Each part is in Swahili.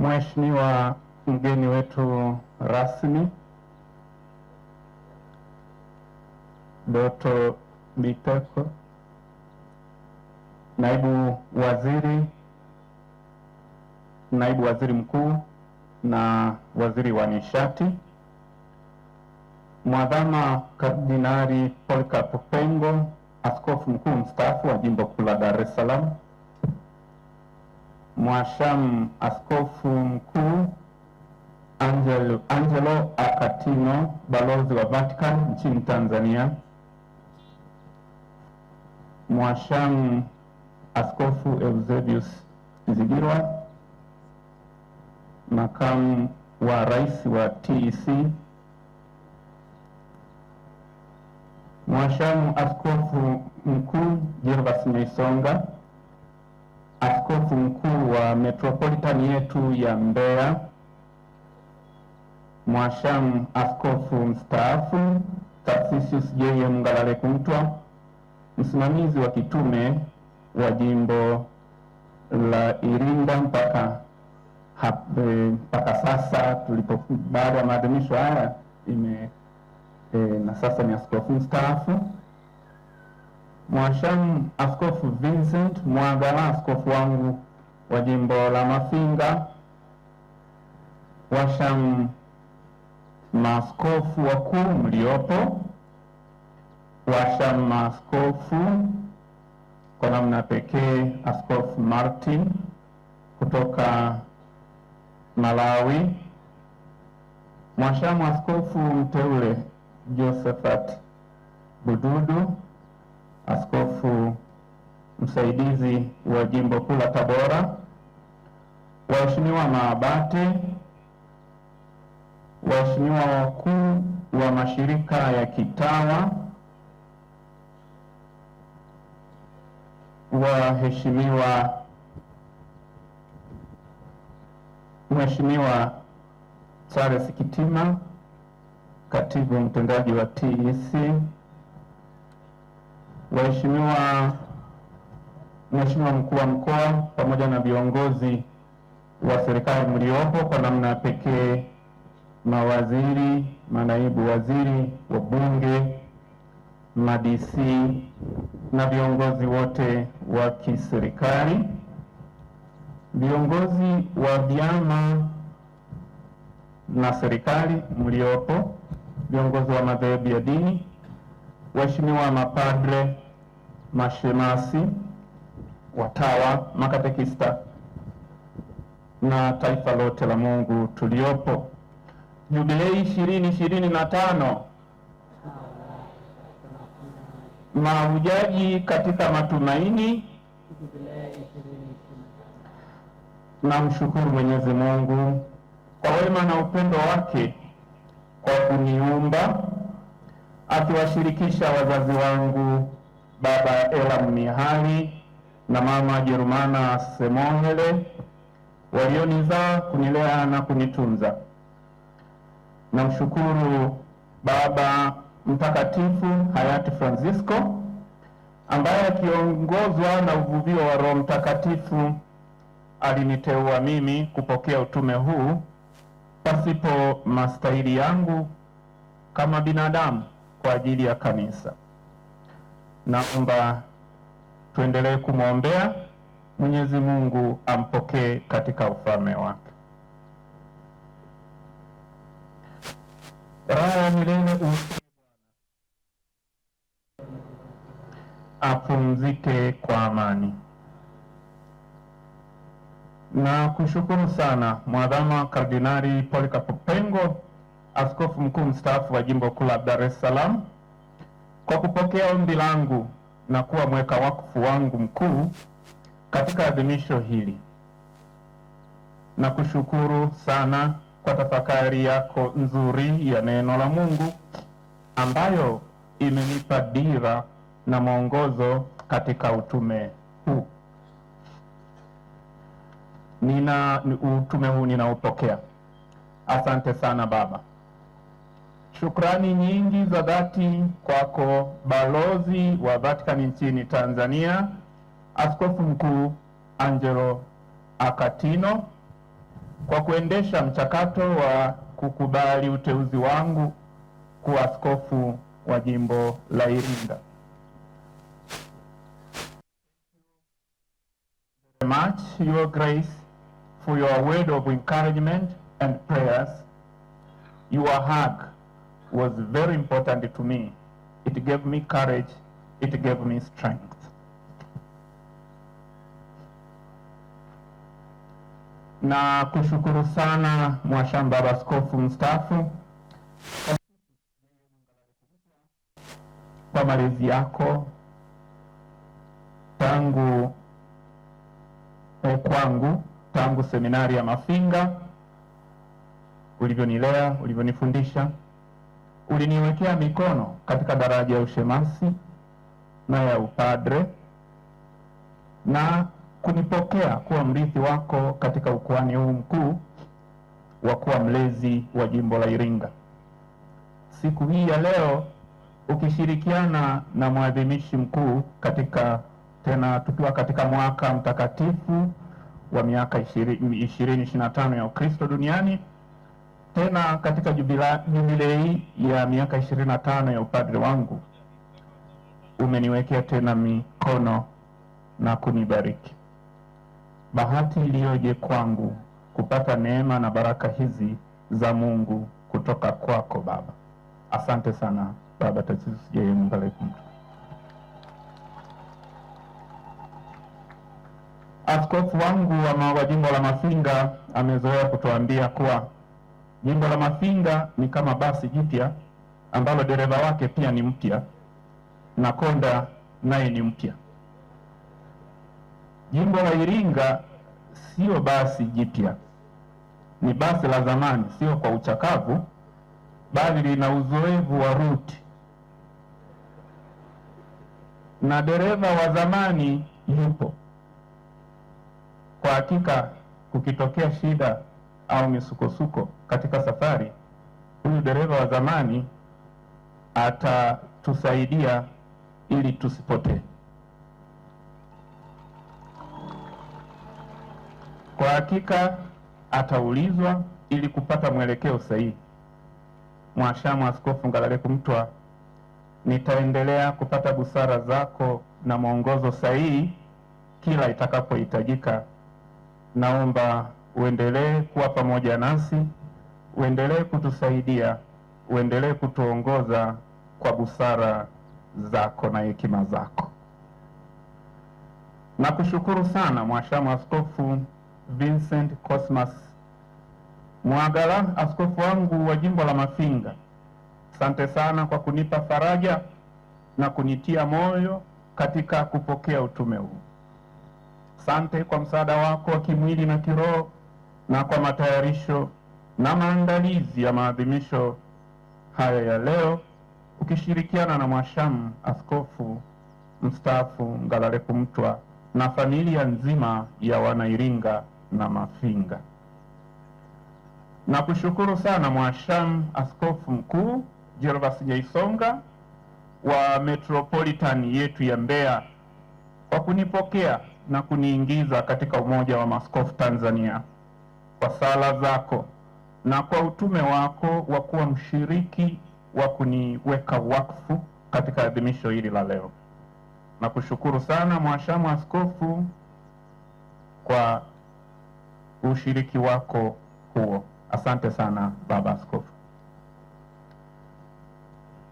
Mheshimiwa mgeni wetu rasmi Doto Biteko, naibu waziri, naibu waziri mkuu na waziri wa nishati, mwadhama Kardinali Polycarp Pengo, askofu mkuu mstaafu wa jimbo kuu la Dar es Salaam Mwashamu Askofu Mkuu Angelo, Angelo Akatino, balozi wa Vatican nchini Tanzania. Mwashamu Askofu Eusebius Zigirwa, makamu wa rais wa TEC. Mwashamu Askofu Mkuu Gervas Nyaisonga askofu mkuu wa metropolitan yetu ya Mbeya, mwashamu askofu mstaafu Tarsisius J.M. Ngalale Kumtwa, msimamizi wa kitume wa jimbo la Iringa mpaka e, mpaka sasa tulipo baada ya maadhimisho haya ime e, na sasa ni askofu mstaafu Mwashamu Askofu Vincent Mwagala, askofu wangu wa jimbo la Mafinga, washamu maaskofu wakuu mliopo, washamu maaskofu, kwa namna pekee Askofu Martin kutoka Malawi, mwashamu askofu mteule Josephat Bududu askofu msaidizi wa jimbo kuu la Tabora, waheshimiwa maabate, waheshimiwa wakuu wa mashirika ya kitawa, waheshimiwa Mheshimiwa Charles Kitima, katibu mtendaji wa TEC Waheshimiwa, Mheshimiwa mkuu wa mkoa pamoja na viongozi wa serikali mliopo, kwa namna pekee mawaziri, manaibu waziri, wabunge, bunge madc na viongozi wote wa kiserikali, viongozi wa vyama na serikali mliopo, viongozi wa madhehebu ya dini waheshimiwa mapadre, mashemasi, watawa, makatekista na taifa lote la Mungu tuliopo, jubilei ishirini ishirini na tano mahujaji katika matumaini. Namshukuru Mwenyezi Mungu kwa wema na upendo wake kwa kuniumba akiwashirikisha wazazi wangu baba Elam Mihani na mama Jerumana Semohele walionizaa kunilea na kunitunza. Namshukuru Baba Mtakatifu hayati Francisco ambaye akiongozwa na uvuvio wa Roho Mtakatifu aliniteua mimi kupokea utume huu pasipo mastahili yangu kama binadamu kwa ajili ya kanisa. Naomba tuendelee kumwombea Mwenyezi Mungu ampokee katika ufalme wake. Raha ya milele umpe Bwana, apumzike kwa amani. Na kushukuru sana mwadhama Kardinali Polycarp Pengo askofu mkuu mstaafu wa jimbo kuu la Dar es Salaam, kwa kupokea ombi langu na kuwa mweka wakfu wangu mkuu katika adhimisho hili. Nakushukuru sana kwa tafakari yako nzuri ya neno la Mungu ambayo imenipa dira na mwongozo katika utume huu. Nina utume huu ninaupokea. Asante sana Baba. Shukrani nyingi za dhati kwako balozi wa Vatican nchini Tanzania, Askofu Mkuu Angelo Akatino kwa kuendesha mchakato wa kukubali uteuzi wangu kuwa askofu wa jimbo la Iringa. Very much your grace for your word of encouragement and prayers. Your hug was very important to me. It gave me courage, it gave me strength. Na kushukuru sana Mwashamba Baskofu mstaafu kwa malezi yako tangu eh, kwangu tangu seminari ya Mafinga ulivyonilea ulivyonifundisha uliniwekea mikono katika daraja ya ushemasi na ya upadre na kunipokea kuwa mrithi wako katika ukuhani huu mkuu wa kuwa mlezi wa jimbo la Iringa. Siku hii ya leo ukishirikiana na mwadhimishi mkuu katika tena tukiwa katika mwaka mtakatifu wa miaka ishirini ishirini na tano ya Ukristo duniani tena katika jubilei ya miaka ishirini na tano ya upadre wangu umeniwekea tena mikono na kunibariki. Bahati iliyoje kwangu kupata neema na baraka hizi za Mungu kutoka kwako Baba. Asante sana Baba Tasus J. Mungalekutu. Askofu wangu wa jimbo la Mafinga amezoea kutuambia kuwa Jimbo la Mafinga ni kama basi jipya ambalo dereva wake pia ni mpya na konda naye ni mpya. Jimbo la Iringa sio basi jipya, ni basi la zamani, sio kwa uchakavu, bali lina uzoevu wa ruti, na dereva wa zamani yupo. Kwa hakika kukitokea shida au misukosuko katika safari, huyu dereva wa zamani atatusaidia ili tusipotee. Kwa hakika ataulizwa ili kupata mwelekeo sahihi. Mwashamu Askofu Ngalale Kumtwa, nitaendelea kupata busara zako na mwongozo sahihi kila itakapohitajika. Naomba uendelee kuwa pamoja nasi, uendelee kutusaidia, uendelee kutuongoza kwa busara zako na hekima zako. Nakushukuru sana Mwashamu Askofu Vincent Cosmas Mwagala, askofu wangu wa jimbo la Mafinga. Asante sana kwa kunipa faraja na kunitia moyo katika kupokea utume huu. Asante kwa msaada wako wa kimwili na kiroho na kwa matayarisho na maandalizi ya maadhimisho haya ya leo ukishirikiana na mwashamu askofu mstaafu Ngalale Mtwa na familia nzima ya Wanairinga na Mafinga. Nakushukuru sana mwashamu askofu mkuu Jervas Nyaisonga wa metropolitan yetu ya Mbeya kwa kunipokea na kuniingiza katika umoja wa maskofu Tanzania kwa sala zako na kwa utume wako wa kuwa mshiriki wa kuniweka wakfu katika adhimisho hili la leo. Nakushukuru sana Mwashamu Askofu kwa ushiriki wako huo. Asante sana Baba Askofu.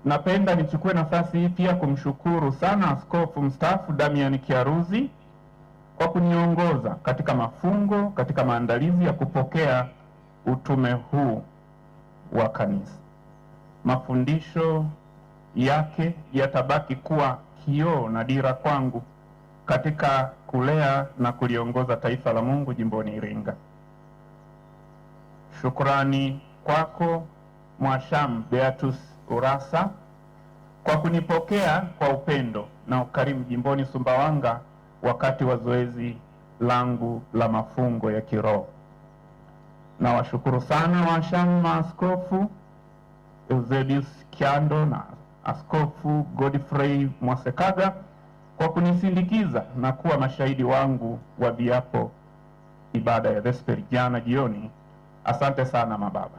Napenda nichukue nafasi hii pia kumshukuru sana Askofu mstaafu Damian Kiaruzi kwa kuniongoza katika mafungo, katika maandalizi ya kupokea utume huu wa kanisa. Mafundisho yake yatabaki kuwa kioo na dira kwangu katika kulea na kuliongoza taifa la Mungu jimboni Iringa. Shukrani kwako Mwasham Beatus Urasa kwa kunipokea kwa upendo na ukarimu jimboni Sumbawanga wakati wa zoezi langu la mafungo ya kiroho. Nawashukuru sana washamu maaskofu Eusebius Kyando na Askofu Godfrey Mwasekaga kwa kunisindikiza na kuwa mashahidi wangu wa viapo ibada ya vesperi jana jioni. Asante sana mababa.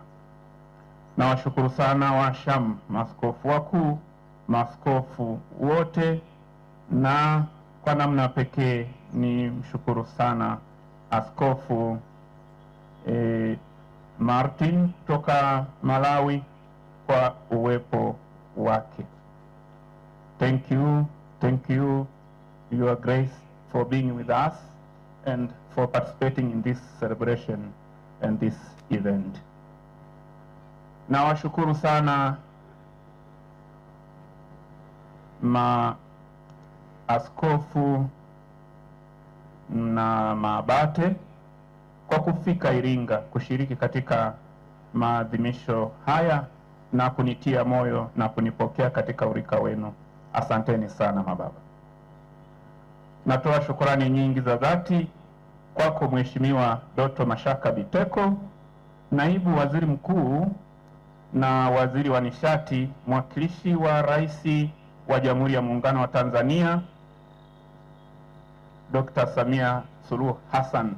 Nawashukuru sana washamu maaskofu wakuu, maaskofu wote na kwa namna pekee ni mshukuru sana Askofu eh, Martin toka Malawi kwa uwepo wake. Thank you, thank you your grace for being with us and for participating in this celebration and this event. Nawashukuru sana ma Askofu na Maabate kwa kufika Iringa kushiriki katika maadhimisho haya na kunitia moyo na kunipokea katika urika wenu. Asanteni sana mababa. Natoa shukurani nyingi za dhati kwako Mheshimiwa Doto Mashaka Biteko, naibu waziri mkuu na waziri wa nishati, mwakilishi wa rais wa Jamhuri ya Muungano wa Tanzania Dr. Samia Suluhu Hassan,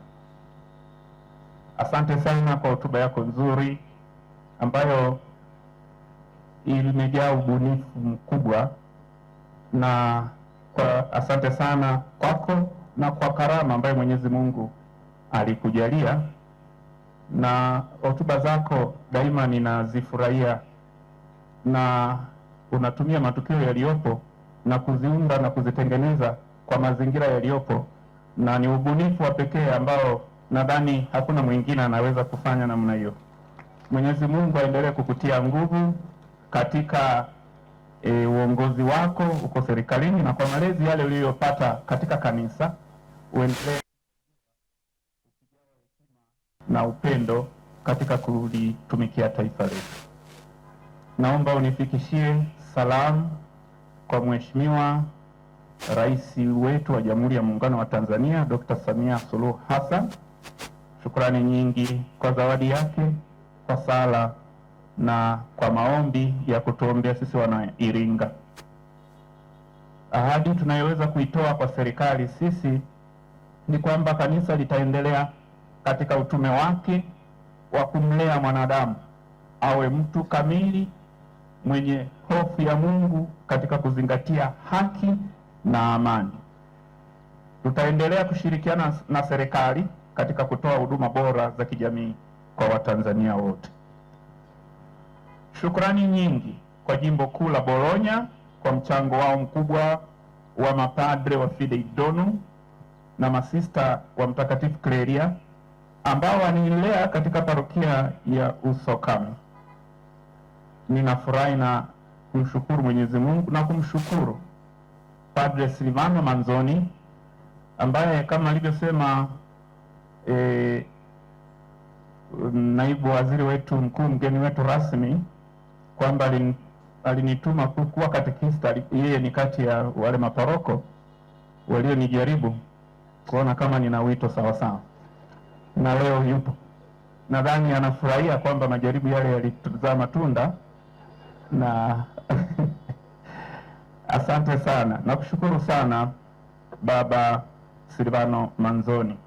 asante sana kwa hotuba yako nzuri ambayo imejaa ubunifu mkubwa na kwa asante sana kwako na kwa karama ambayo Mwenyezi Mungu alikujalia, na hotuba zako daima ninazifurahia, na unatumia matukio yaliyopo na kuziunda na kuzitengeneza kwa mazingira yaliyopo, na ni ubunifu wa pekee ambao nadhani hakuna mwingine anaweza kufanya namna hiyo. Mwenyezi Mungu aendelee kukutia nguvu katika e, uongozi wako uko serikalini na kwa malezi yale uliyopata katika kanisa, uendelee na upendo katika kulitumikia taifa letu. Naomba unifikishie salamu kwa Mheshimiwa Rais wetu wa Jamhuri ya Muungano wa Tanzania Dr. Samia Suluhu Hassan shukrani nyingi kwa zawadi yake, kwa sala na kwa maombi ya kutuombea sisi wana Iringa. Ahadi tunayoweza kuitoa kwa serikali sisi ni kwamba kanisa litaendelea katika utume wake wa kumlea mwanadamu awe mtu kamili mwenye hofu ya Mungu katika kuzingatia haki na amani. Tutaendelea kushirikiana na serikali katika kutoa huduma bora za kijamii kwa Watanzania wote. Shukrani nyingi kwa Jimbo Kuu la Bologna kwa mchango wao mkubwa wa mapadre wa Fidei Donum na masista wa Mtakatifu Kleria ambao waniilea katika parokia ya usokam Ninafurahi na kumshukuru Mwenyezi Mungu na kumshukuru Padre Silvano Manzoni ambaye kama alivyosema e, naibu waziri wetu mkuu mgeni wetu rasmi kwamba alinituma kuwa katekista. Yeye ni kati ya wale maparoko walionijaribu kuona kama nina wito sawa sawa, na leo yupo. Nadhani anafurahia kwamba majaribu yale yalizaa matunda na Asante sana, nakushukuru sana Baba Silvano Manzoni,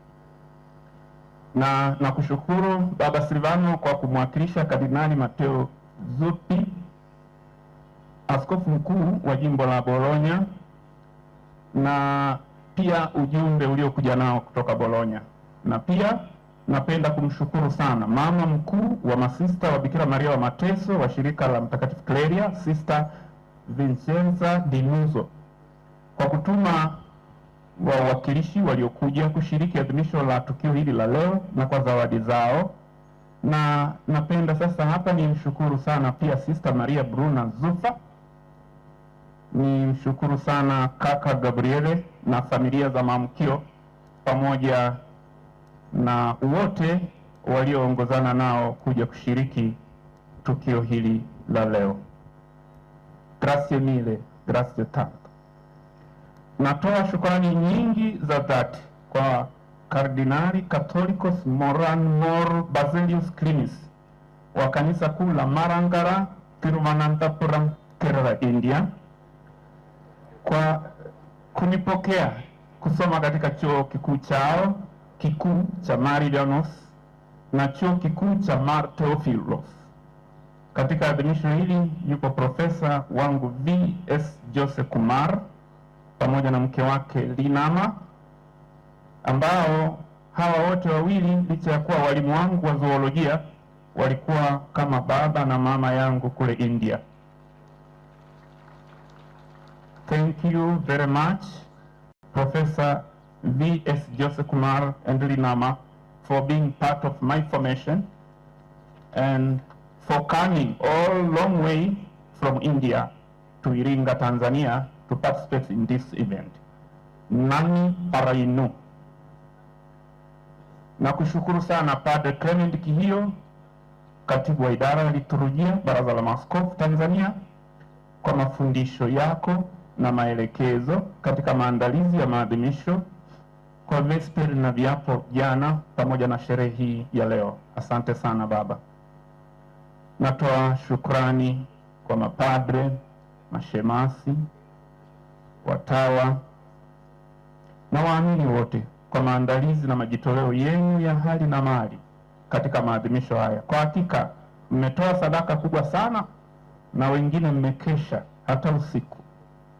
na nakushukuru Baba Silvano kwa kumwakilisha Kardinali Mateo Zuppi, askofu mkuu wa jimbo la Bologna, na pia ujumbe uliokuja nao kutoka Bologna. Na pia napenda kumshukuru sana mama mkuu wa masista wa Bikira Maria wa Mateso wa shirika la Mtakatifu Kleria Sister Vincenza Di kwa kutuma wawakilishi waliokuja kushiriki adhimisho la tukio hili la leo na kwa zawadi zao, na napenda sasa hapa ni mshukuru sana pia Sister Maria Bruna Zufa, ni mshukuru sana kaka Gabriele na familia za maamkio pamoja na wote walioongozana nao kuja kushiriki tukio hili la leo. Grazie mille, grazie tanto. Natoa shukrani nyingi za dhati kwa Kardinali Catholicos Moran Mor Basilius Klinis wa kanisa kuu la Marangara Tirumanantapuram Kerala, India kwa kunipokea kusoma katika chuo kikuu chao kikuu cha marianos na chuo kikuu cha Mar katika adhimisho hili yuko Profesa wangu V.S. Jose Kumar pamoja na mke wake Linama, ambao hawa wote wawili licha ya kuwa walimu wangu wa zoolojia walikuwa kama baba na mama yangu kule India. Thank you very much Professor V.S. Jose Kumar and Linama for being part of my formation and for coming all long way from India to Iringa, Tanzania to participate in this event. Nani parainu. Nakushukuru sana Padre Clement Kihio, katibu wa idara ya liturujia Baraza la Maaskofu Tanzania kwa mafundisho yako na maelekezo katika maandalizi ya maadhimisho kwa vesperi na viapo jana pamoja na sherehe hii ya leo. Asante sana baba. Natoa shukrani kwa mapadre, mashemasi, watawa na waamini wote kwa maandalizi na majitoleo yenu ya hali na mali katika maadhimisho haya. Kwa hakika mmetoa sadaka kubwa sana, na wengine mmekesha hata usiku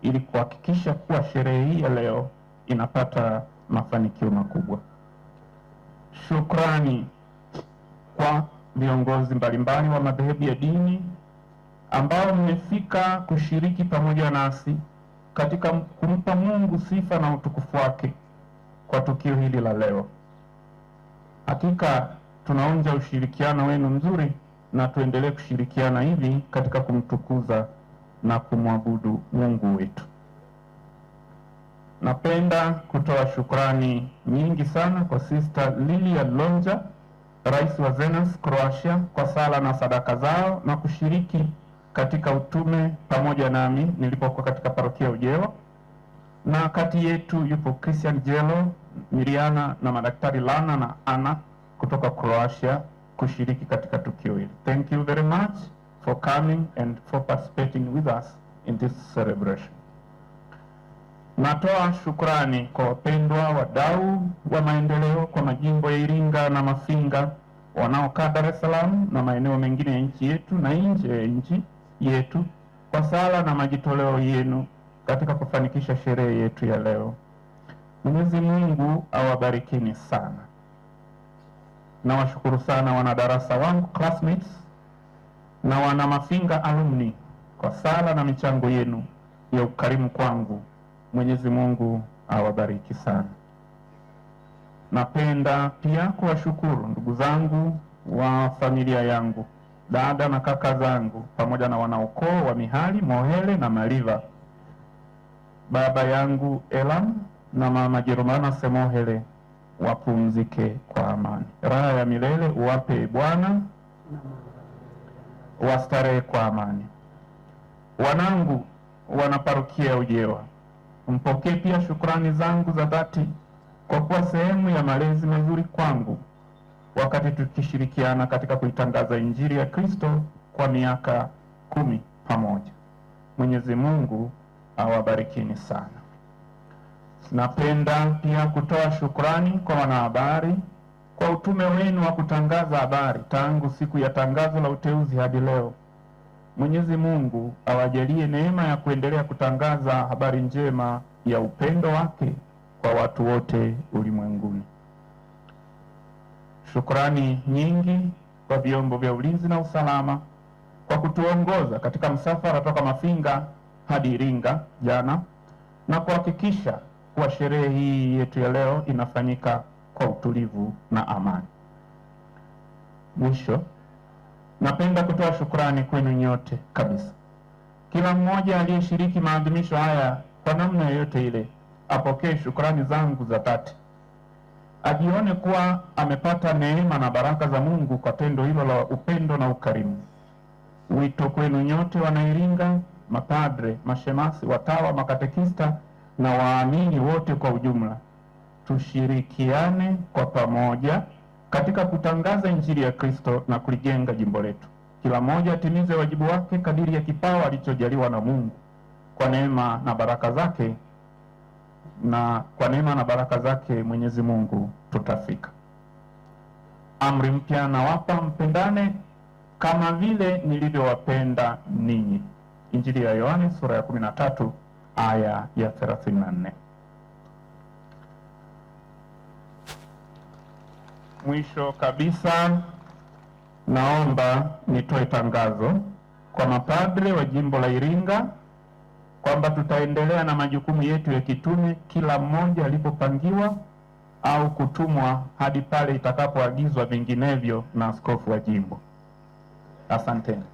ili kuhakikisha kuwa sherehe hii ya leo inapata mafanikio makubwa. Shukrani kwa viongozi mbalimbali wa madhehebu ya dini ambao mmefika kushiriki pamoja nasi katika kumpa Mungu sifa na utukufu wake kwa tukio hili la leo. Hakika tunaonja ushirikiano wenu mzuri, na tuendelee kushirikiana hivi katika kumtukuza na kumwabudu Mungu wetu. Napenda kutoa shukrani nyingi sana kwa Sister Lilia Lonja rais wa zenas Croatia kwa sala na sadaka zao na kushiriki katika utume pamoja nami nilipokuwa katika parokia Ujewo, na kati yetu yupo Christian Jelo, Miriana na madaktari Lana na Ana kutoka Croatia kushiriki katika tukio hili. Thank you very much for coming and for participating with us in this celebration. Natoa shukrani kwa wapendwa wadau wa maendeleo kwa majimbo ya Iringa na Mafinga wanaokaa Dar es Salaam na maeneo mengine ya nchi yetu na nje ya nchi yetu kwa sala na majitoleo yenu katika kufanikisha sherehe yetu ya leo. Mwenyezi Mungu awabarikini sana. Nawashukuru sana wanadarasa wangu classmates na wana Mafinga alumni kwa sala na michango yenu ya ukarimu kwangu. Mwenyezi Mungu awabariki sana. Napenda pia kuwashukuru ndugu zangu wa familia yangu, dada na kaka zangu, pamoja na wanaukoo wa Mihali, Mohele na Maliva, baba yangu Elam na mama Jerumana Semohele wapumzike kwa amani. Raha ya milele uwape Bwana, wastarehe kwa amani. Wanangu wanaparukia parokia Ujewa Mpokee pia shukrani zangu za dhati kwa kuwa sehemu ya malezi mazuri kwangu wakati tukishirikiana katika kuitangaza Injili ya Kristo kwa miaka kumi pamoja. Mwenyezi Mungu awabarikini sana. Napenda pia kutoa shukrani kwa wanahabari kwa utume wenu wa kutangaza habari tangu siku ya tangazo la uteuzi hadi leo. Mwenyezi Mungu awajalie neema ya kuendelea kutangaza habari njema ya upendo wake kwa watu wote ulimwenguni. Shukrani nyingi kwa vyombo vya ulinzi na usalama kwa kutuongoza katika msafara toka Mafinga hadi Iringa jana na kuhakikisha kuwa sherehe hii yetu ya leo inafanyika kwa utulivu na amani. Mwisho Napenda kutoa shukrani kwenu nyote kabisa, kila mmoja aliyeshiriki maadhimisho haya kwa namna yoyote ile apokee shukrani zangu za dhati, ajione kuwa amepata neema na baraka za Mungu kwa tendo hilo la upendo na ukarimu. Wito kwenu nyote Wanairinga, mapadre, mashemasi, watawa, makatekista na waamini wote kwa ujumla, tushirikiane kwa pamoja katika kutangaza injili ya Kristo na kulijenga jimbo letu. Kila mmoja atimize wajibu wake kadiri ya kipawa alichojaliwa na Mungu kwa neema na baraka zake, na kwa neema na baraka zake Mwenyezi Mungu tutafika. Amri mpya nawapa, mpendane kama vile nilivyowapenda ninyi. Injili ya Yohane sura ya 13 aya ya 34. Mwisho kabisa, naomba nitoe tangazo kwa mapadre wa jimbo la Iringa kwamba tutaendelea na majukumu yetu ya kitume kila mmoja alipopangiwa au kutumwa hadi pale itakapoagizwa vinginevyo na askofu wa jimbo. Asanteni.